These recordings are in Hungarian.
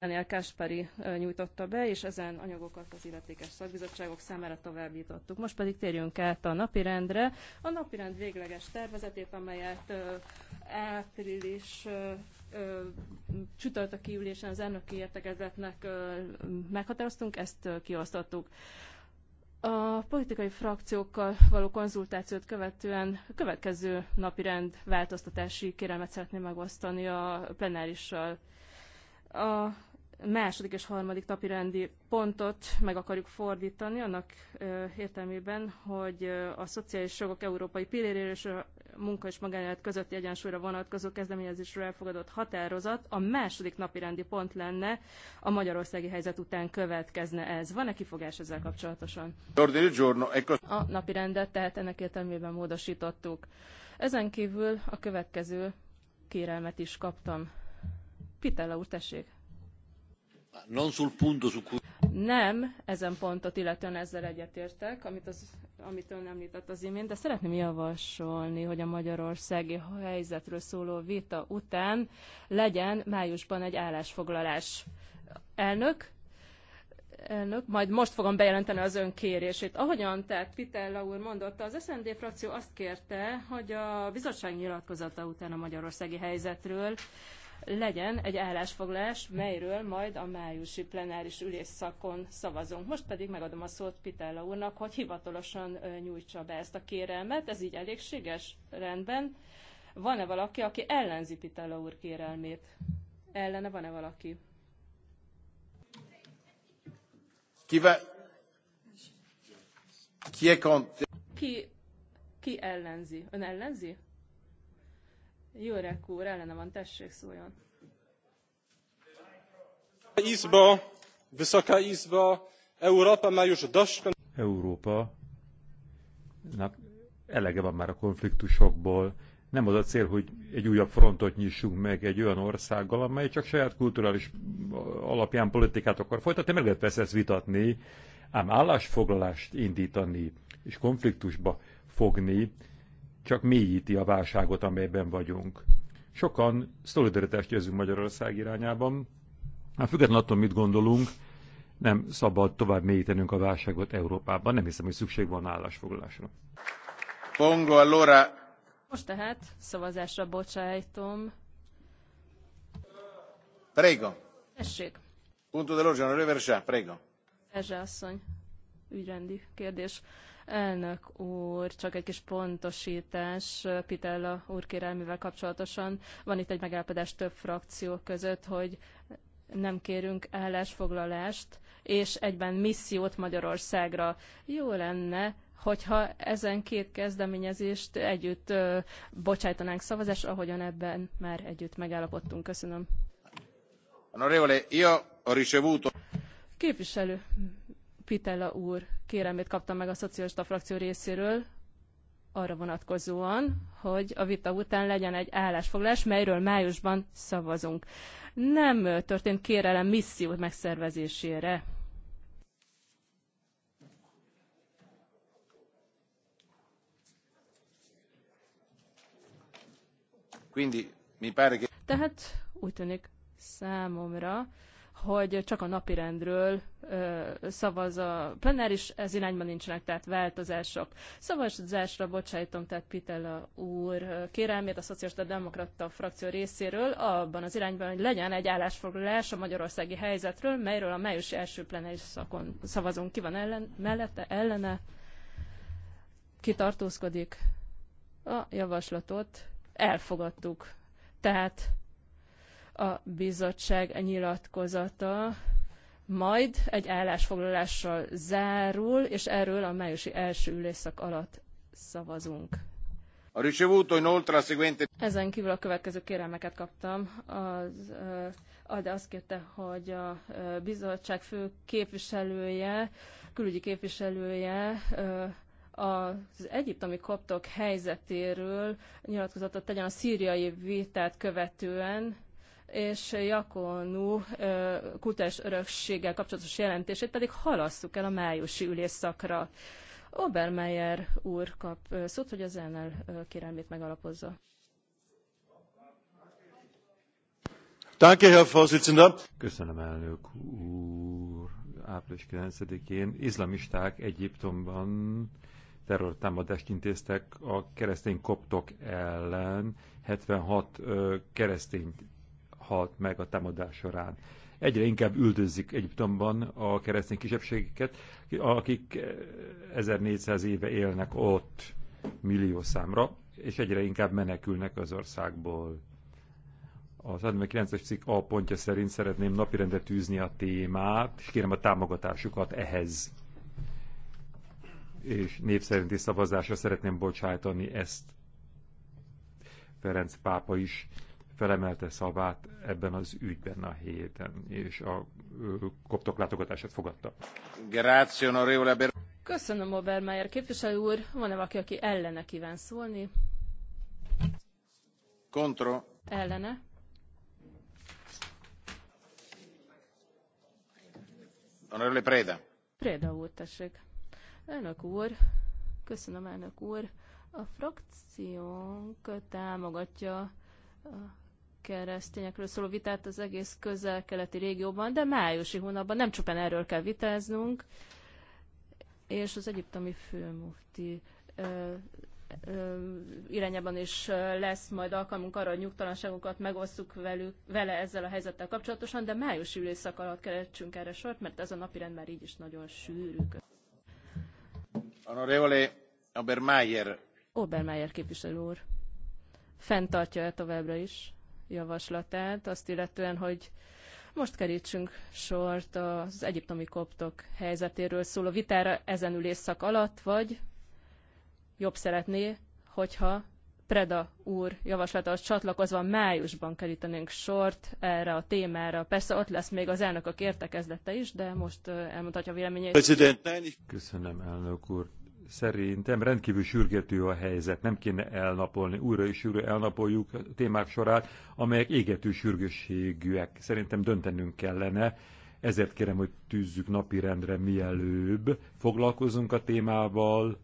Daniel Kaspari nyújtotta be, és ezen anyagokat az illetékes szakbizottságok számára továbbítottuk. Most pedig térjünk át a napirendre. A napirend végleges tervezetét, amelyet április csütörtöki ülésen az elnöki értekezetnek meghatároztunk, ezt kiosztottuk. A politikai frakciókkal való konzultációt követően a következő napirend változtatási kérelmet szeretném megosztani a plenárissal a második és harmadik napirendi pontot meg akarjuk fordítani annak értelmében, hogy a szociális jogok európai pilléréről és a munka és magánélet közötti egyensúlyra vonatkozó kezdeményezésről elfogadott határozat a második napirendi pont lenne, a magyarországi helyzet után következne ez. Van-e kifogás ezzel kapcsolatosan? A napirendet tehát ennek értelmében módosítottuk. Ezen kívül a következő kérelmet is kaptam. Pitella úr, tessék! Nem, ezen pontot illetően ezzel egyetértek, amit, az, amit ön említett az imént, de szeretném javasolni, hogy a magyarországi helyzetről szóló vita után legyen májusban egy állásfoglalás. Elnök, elnök, majd most fogom bejelenteni az ön kérését. Ahogyan tehát Pitella úr mondotta, az SZND frakció azt kérte, hogy a bizottság nyilatkozata után a magyarországi helyzetről legyen egy állásfoglalás, melyről majd a májusi plenáris ülésszakon szavazunk. Most pedig megadom a szót Pitella úrnak, hogy hivatalosan nyújtsa be ezt a kérelmet. Ez így elégséges? Rendben. Van-e valaki, aki ellenzi Pitella úr kérelmét? Ellene van-e valaki? Ki, ki, ki, ki ellenzi? Ön ellenzi? Jurek úr, ellene van, tessék szóljon. Izba, Wysoka Izba, Európa már już dość... Európa Na, elege van már a konfliktusokból. Nem az a cél, hogy egy újabb frontot nyissunk meg egy olyan országgal, amely csak saját kulturális alapján politikát akar folytatni, meg lehet persze ezt vitatni, ám állásfoglalást indítani és konfliktusba fogni, csak mélyíti a válságot, amelyben vagyunk. Sokan szolidaritást érzünk Magyarország irányában. Hát függetlenül attól, mit gondolunk, nem szabad tovább mélyítenünk a válságot Európában. Nem hiszem, hogy szükség van állásfoglalásra. Pongo allora. Most tehát szavazásra bocsájtom. Prego. Tessék. Punto dell'ordine, onorevole prego. Erzse asszony, ügyrendi kérdés. Elnök úr, csak egy kis pontosítás Pitella úr kérelmével kapcsolatosan. Van itt egy megállapodás több frakció között, hogy nem kérünk állásfoglalást, és egyben missziót Magyarországra. Jó lenne, hogyha ezen két kezdeményezést együtt ö, bocsájtanánk szavazás, ahogyan ebben már együtt megállapodtunk. Köszönöm. io ricevuto... Képviselő Pitella úr, kérelmét kaptam meg a szocialista frakció részéről arra vonatkozóan, hogy a vita után legyen egy állásfoglalás, melyről májusban szavazunk. Nem történt kérelem misszió megszervezésére. Quindi, mi pare che... Tehát úgy tűnik számomra, hogy csak a napirendről ö, szavaz a plenáris, ez irányban nincsenek tehát változások. Szavazásra bocsájtom tehát Pitella úr kérelmét a Szocialista Demokrata frakció részéről abban az irányban, hogy legyen egy állásfoglalás a magyarországi helyzetről, melyről a május első plenáris szakon szavazunk. Ki van ellen, mellette, ellene? Ki tartózkodik? A javaslatot elfogadtuk. Tehát a bizottság nyilatkozata majd egy állásfoglalással zárul, és erről a májusi első ülésszak alatt szavazunk. Ezen kívül a következő kérelmeket kaptam. Az, de azt kérte, hogy a bizottság fő képviselője, külügyi képviselője az egyiptomi koptok helyzetéről nyilatkozatot tegyen a szíriai vitát követően, és Jakonú kutás örökséggel kapcsolatos jelentését pedig halasszuk el a májusi ülésszakra. Obermeyer úr kap szót, hogy az elnál kérelmét megalapozza. Köszönöm, elnök úr. Április 9-én izlamisták Egyiptomban terrortámadást intéztek a keresztény koptok ellen. 76 keresztény halt meg a támadás során. Egyre inkább üldözik Egyiptomban a keresztény kisebbségeket, akik 1400 eh, éve élnek ott millió számra, és egyre inkább menekülnek az országból. Az 19 es cikk A pontja szerint szeretném napirendre tűzni a témát, és kérem a támogatásukat ehhez. És név szerinti szavazásra szeretném bocsájtani ezt Ferenc pápa is felemelte szavát ebben az ügyben a héten, és a koptok látogatását fogadta. Köszönöm, Obermeier képviselő úr. Van-e valaki, aki ellene kíván szólni? Contro. Ellene. Honorable Preda. Preda úr, tessék. Elnök úr, köszönöm elnök úr. A frakciónk támogatja a keresztényekről szóló vitát az egész közel-keleti régióban, de májusi hónapban nem csupán erről kell vitáznunk, és az egyiptomi főmufti ö, ö, irányában is lesz majd alkalmunk arra, hogy nyugtalanságunkat megosztjuk velük, vele ezzel a helyzettel kapcsolatosan, de májusi ülésszak alatt keretsünk erre sort, mert ez a napirend már így is nagyon sűrű. Honorevole Obermeier. Obermeier képviselő úr. Fenntartja-e továbbra is? javaslatát, azt illetően, hogy most kerítsünk sort az egyiptomi koptok helyzetéről szóló vitára ezen ülésszak alatt, vagy jobb szeretné, hogyha Preda úr javaslata, az csatlakozva májusban kerítenénk sort erre a témára. Persze ott lesz még az elnökök értekezlete is, de most elmondhatja a véleményét. Köszönöm, elnök úr szerintem rendkívül sürgető a helyzet, nem kéne elnapolni, újra és újra elnapoljuk a témák sorát, amelyek égető sürgősségűek. Szerintem döntenünk kellene, ezért kérem, hogy tűzzük napirendre mielőbb, foglalkozunk a témával,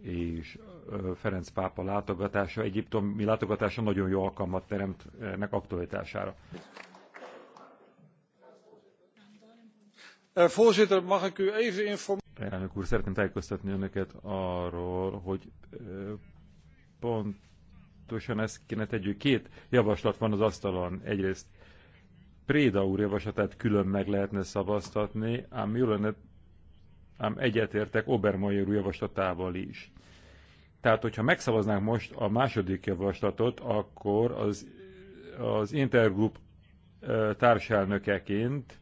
és Ferenc pápa látogatása, egyiptomi látogatása nagyon jó alkalmat teremt ennek aktualitására. Voorzitter, mag ik u even informeren? Elnök úr, szeretném tájékoztatni önöket arról, hogy pontosan ezt kéne tegyük. Két javaslat van az asztalon. Egyrészt Préda úr javaslatát külön meg lehetne szavaztatni, ám jó lenne, ám egyetértek Obermajor úr javaslatával is. Tehát, hogyha megszavaznánk most a második javaslatot, akkor az, az Intergroup társelnökeként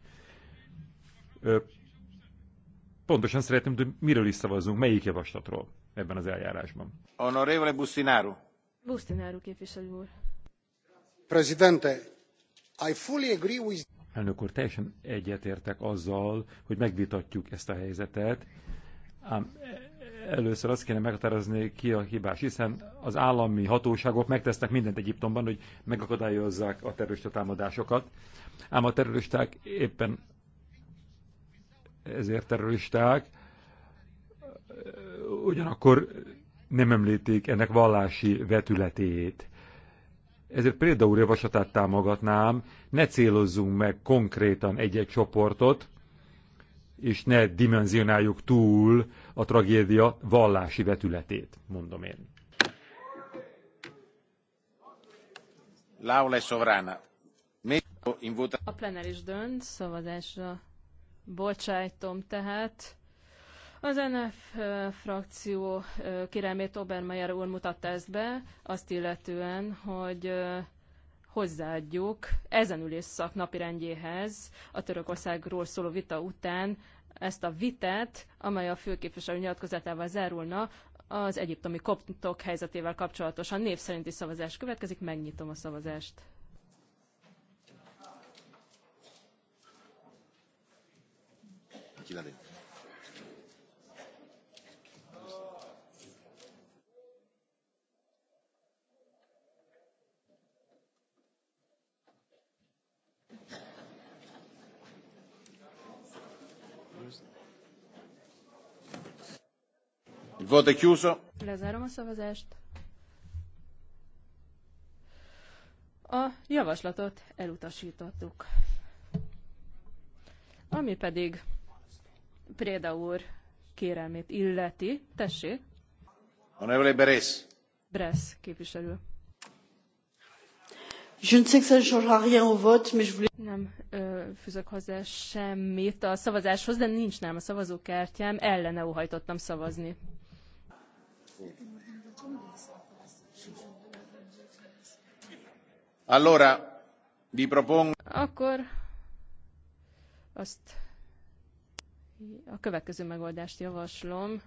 pontosan szeretném, hogy miről is szavazunk, melyik javaslatról ebben az eljárásban. Honorevole Bustinaro. Bustinaro képviselő úr. Presidente, I fully agree with... Elnök úr, teljesen egyetértek azzal, hogy megvitatjuk ezt a helyzetet, ám e, először azt kéne meghatározni ki a hibás, hiszen az állami hatóságok megtesznek mindent Egyiptomban, hogy megakadályozzák a terrorista támadásokat, ám a terroristák éppen ezért terroristák, ugyanakkor nem említik ennek vallási vetületét. Ezért például javaslatát támogatnám, ne célozzunk meg konkrétan egy-egy csoportot, és ne dimenzionáljuk túl a tragédia vallási vetületét, mondom én. L'Aula sovrana. A plenáris dönt, szavazásra bocsájtom tehát. Az NF frakció kérelmét Obermeyer úr mutatta ezt be, azt illetően, hogy hozzáadjuk ezen ülésszak napirendjéhez a Törökországról szóló vita után ezt a vitát, amely a főképviselő nyilatkozatával zárulna, az egyiptomi koptok helyzetével kapcsolatosan név szerinti szavazás következik, megnyitom a szavazást. mindenki il voto chiuso lezárom a szavazást a javaslatot elutasítottuk ami pedig Préda úr kérelmét illeti. Tessék. Honorable Beres. Beres képviselő. Je ne sais que ça ne changera rien au vote, mais je voulais... Nem ö, fűzök hozzá semmit a szavazáshoz, de nincs nem a szavazókártyám, ellene óhajtottam szavazni. Allora, vi propongo... Akkor azt a következő megoldást javaslom.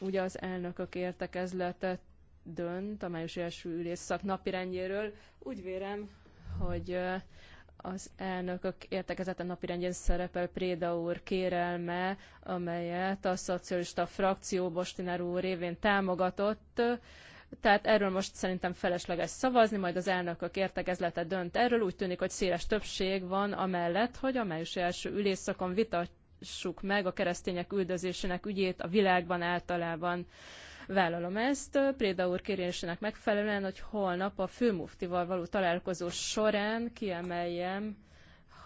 Ugye az elnökök értekezletet dönt a május első ülésszak napirendjéről. Úgy vélem, hogy az elnökök értekezete napirendjén szerepel Préda úr kérelme, amelyet a szocialista frakció Bostinár úr révén támogatott tehát erről most szerintem felesleges szavazni, majd az elnökök értekezlete dönt erről. Úgy tűnik, hogy széles többség van amellett, hogy a május első ülésszakon vitassuk meg a keresztények üldözésének ügyét a világban általában. Vállalom ezt. Préda úr kérésének megfelelően, hogy holnap a főmuftival való találkozó során kiemeljem,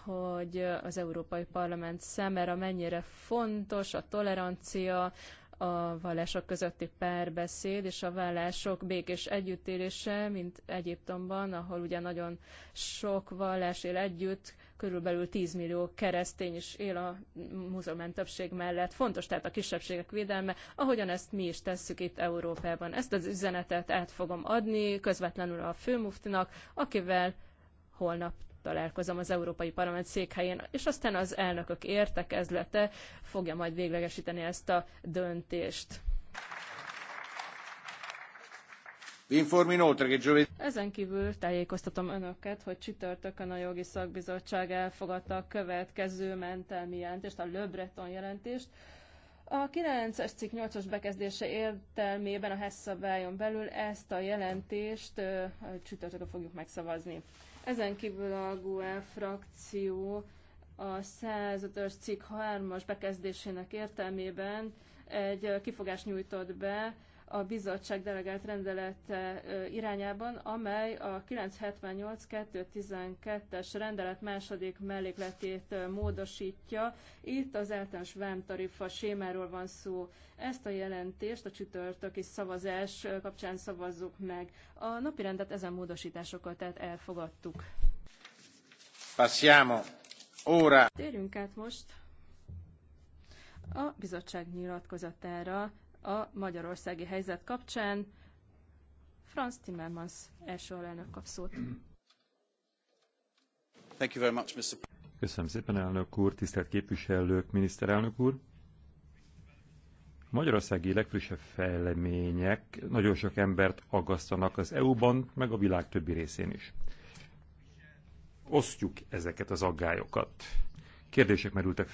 hogy az Európai Parlament számára mennyire fontos a tolerancia, a vallások közötti párbeszéd és a vallások békés együttélése, mint Egyiptomban, ahol ugye nagyon sok vallás él együtt, körülbelül 10 millió keresztény is él a muzulmán többség mellett. Fontos tehát a kisebbségek védelme, ahogyan ezt mi is tesszük itt Európában. Ezt az üzenetet át fogom adni közvetlenül a főmuftinak, akivel holnap találkozom az Európai Parlament székhelyén, és aztán az elnökök értekezlete fogja majd véglegesíteni ezt a döntést. Ezen kívül tájékoztatom önöket, hogy csütörtökön a jogi szakbizottság elfogadta a következő mentelmi jelentést, a Löbreton jelentést. A 9-es cikk 8 os bekezdése értelmében a Hess szabályon belül ezt a jelentést csütörtökön fogjuk megszavazni. Ezen kívül a GUE frakció a 105-ös cikk 3-as bekezdésének értelmében egy kifogást nyújtott be a bizottság delegált rendelete irányában, amely a 978-212-es rendelet második mellékletét módosítja. Itt az általános vámtarifa sémáról van szó. Ezt a jelentést a csütörtöki szavazás kapcsán szavazzuk meg. A rendet ezen módosításokkal tehát elfogadtuk. Passiamo. Ora. Térjünk át most a bizottság nyilatkozatára a magyarországi helyzet kapcsán. Franz Timmermans első alelnök kap szót. Thank you very much, Mr. Köszönöm szépen, elnök úr, tisztelt képviselők, miniszterelnök úr. A magyarországi legfrissebb fejlemények nagyon sok embert aggasztanak az EU-ban, meg a világ többi részén is. Osztjuk ezeket az aggályokat. Kérdések merültek